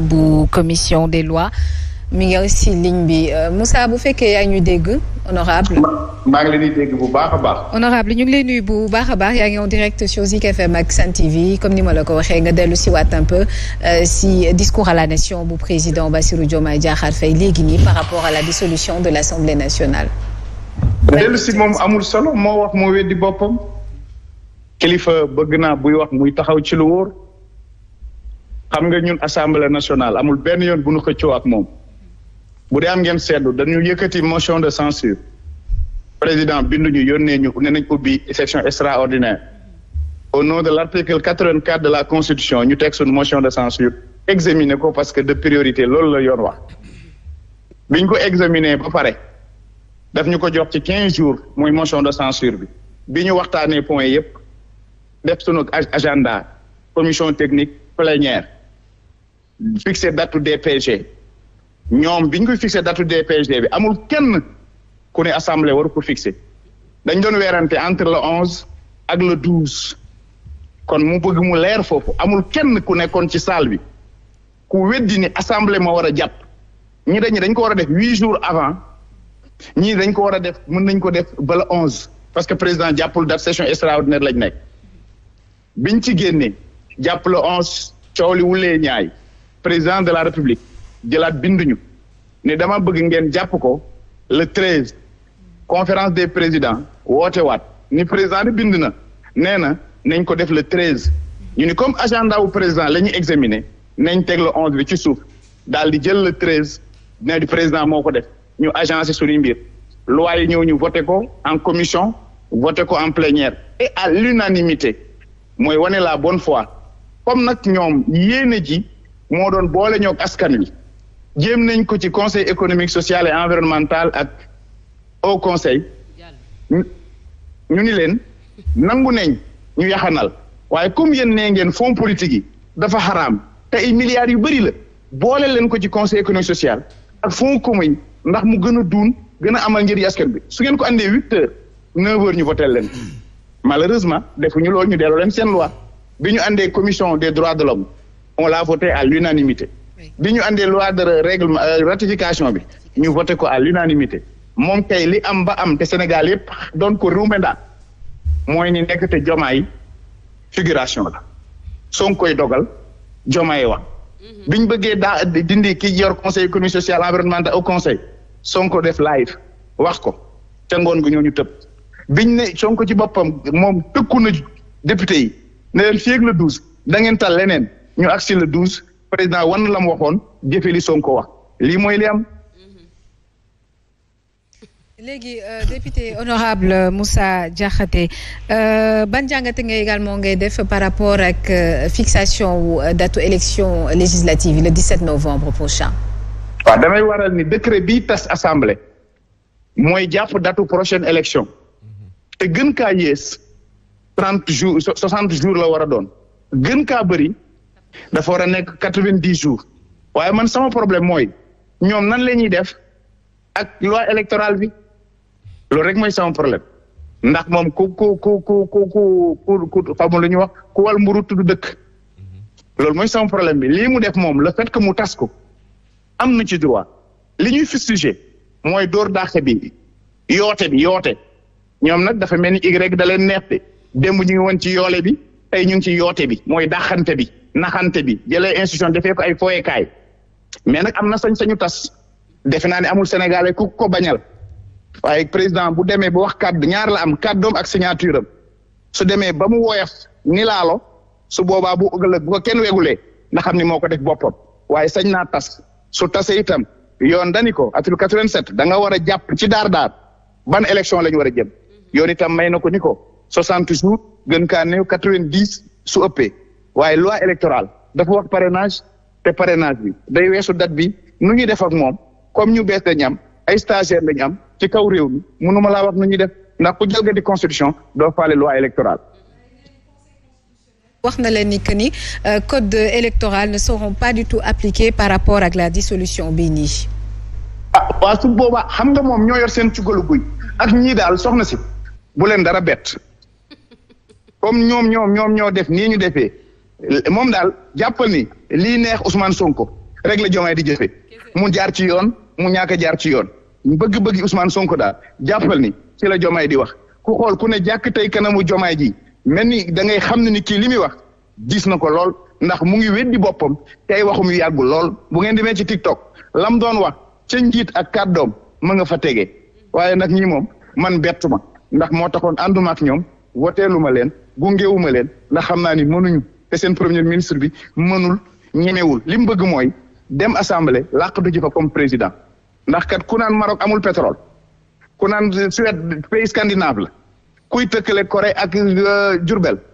bu commission de lois mi ngi si ligne bi euh, Moussa bu fekkee yaa ngi ñu dégg honorable maa ngi leen dégg bu baax a baax. ñu ngi lay nuyu bu baax a baax yaa ngi en direct sur Zik FM ak Sen TV comme ni ma la ko waxee nga dellu si waat un peu euh, si discours à la nation bu président Bassirou Diomaye Diakhar Faye léegi nii par rapport à la dissolution de l' assemblée nationale. dellu si moom amul solo moo wax moo weddi boppam. kilifa bëgg naa buy wax muy taxaw ci lu xam nga ñun assemblée nationale amul benn yoon bu nu xëccoo ak moom bu dee am ngeen seddu dañu yëkkati motion de censure président bindu ñu yónnee ñu ne nañ ubbi session extraordinaire au nom de l' article quatre vingt quatre de la constitution ñu teg suñu motion de censure examiner ko parce que de priorité loolu la yoon wax biñ ko examiner ba pare def ñu ko jox ci quinze jours mooy motion de censure bi bi ñu waxtaanee point yëpp def suñu agenda commission technique plénière fixé datu DPG ñoom biñ koy fixé datu DPG bi amul kenn ku ne assemblée waru ko fixé dañ doon weerante entre le onze ak le douze kon mu bëgg mu leer foofu amul kenn ku nekkoon ci salle bi ku weddi ni assemblée ma war a jàpp ñi dañ ko war a def huit jours avant ñii dañ ko war a def mën nañ ko def ba le onze parce que président jàppul date session extraordinaire lañ nekk biñ ci génne jàpp le onze coow li wulee ñaay président de la république jëlaat binduñu ne dama bëgg ngeen jàpp ko le treize conférence des président woote waat ni président bi bind na nee na nañ ko def le treize ñu ni comme agenda wu président la ñuy examiner nañ teg le onze bi ci suuf daal di jël le treize ne di président moo ko def ñu agencé suñu mbir loi yi ñëw ñu voté ko en commission voté ko en plénière et à l'unanimité mooy wane la bonne foi comme nag ñoom yéene ji moo doon boole ñoog askan wi jéem nañ ko ci conseil économique sociale et environnemental ak au conseil ñu ni leen nangu nañ ñu yaxanal waaye comme yéen nee ngeen fonds politique yi dafa xaraam te ay milliards yu bëri la boole leen ko ci conseil économique social ak fonds commun ndax mu gën a duun gën a amal njëriñ askan bi su ngeen ko andee huit heures neuf ñu voté leen malheureusement ñu loolu ñu delloo leen seen loi bi ñu andee commission des droits de on l'a voté à l'unanimité bi ñu àndee loi de règlement euh, ratification bi ñu voté ko à l'unanimité moom kay li am ba am te Sénégal yëpp doon ko ruume daal mooy ni nekk te jomaay figuration la soo koy dogal jomaay wa mhm. bi ñu bëggee daa dindi ki yor conseil économique social environnemental au conseil Sonko def live wax ko te ngoon gu ñoo ñu tëb biñ ne Sonko ci boppam moom tëkku na député yi ne leen fii le douze da ngeen leneen ñu agsi le douze président wan la mu waxoon jëfe li Sonko wax lii mooy li am. léegi euh, député honorable Moussa Diakhaté euh, ban également ngay def par rapport ak euh, fixation wu euh, datu élection législative le 17 novembre prochain waaw damay waral ni décret bii tas assemblée mooy jàpp datu prochaine élection te gën kaa yées trente jours soixante jours la war a doon gën kaa bëri dafa war a nekk quatre-vingt-dix jours waaye man sama problème mooy ñoom nan la ñuy def ak loi électorale bi loolu rek mooy sama problème ndax moom ku ku ku ku ku ku ku xaw ma lu ñuy wax ku wal mburu tudd dëkk loolu mooy sama problème bi lii mu def moom le fait que mu tas ko am na ci droit li ñuy fustiger mooy dóor dàqe bi yoote bi yoote ñoom nag dafa mel ni Y da leen neex de démb ñu ngi woon ci yoole bi tey ñu ngi ci yoote bi mooy dàqante bi. naxante bi jëlee institution defee ko ay foyekaay mais nag am na sañ-sañu tas defe naa ne amul sénégalais ku ko bañal waaye président bu demee ba wax kàddu ñaar la am doom ak signature su demee ba mu woyof ni laalo su boobaa bu ëllëg bu kenn wegulee nga ni moo ko def boppam waaye sañ naa tas su tasee itam yoon dani ko atul 87 da nga war a jàpp ci daar daar ban élection la ñu war a jëm yoon itam may na ko ni ko 60 jours gën kaa néew 90 su ëppee. waaye loi électorale dafa wax parrainage te parrainage bi day weesu date bi nu ñuy def ak moom comme ñu bees dañu am ay stagiaires lañu am ci kaw réew mi mënuma laa wax nu ñuy def ndax ku jalgati constitution doo faale loi électorale. wax na leen ni que ni euh, code électoral ne seront pas du tout appliqués par rapport ak la dissolution bii nii. ah waa su boobaa xam nga moom ñoo yor seen cugalu guy ak ñii daal soxna si bu leen dara bett comme ñoom ñoom ñoom ñoo def nii ñu defee. moom daal jàppal ni lii neex Ousmane Sonko rek la Diomaye di jëfe mu jaar ci yoon mu ñàkk jaar ci yoon bëgg-bëgg usmaan Sonko daal jàppal ni ci la Diomaye di wax ku xool ku ne jàkk tey kanamu Diomaye ji mel ni da ngay xam ne ni kii li muy wax gis na ko lool ndax mu ngi weddi boppam tey waxum yu yàggul lool bu ngeen demee ci TikTok lam doon wax ca njiit ak kàddoom ma nga fa tege waaye nag ñi moom man bettu ma ndax moo taxoon ànduma ñoom woteelu leen gungewu ma leen ndax xam naa ni mënuñu te seen premier ministre bi mënul ñemewul li mu bëgg mooy dem assemblée làqatu ji fa comme président ndax kat ku naan Maroc amul pétrole ku naan Suède pays scandinave la kuy tëkkale Corée ak euh, Diourbel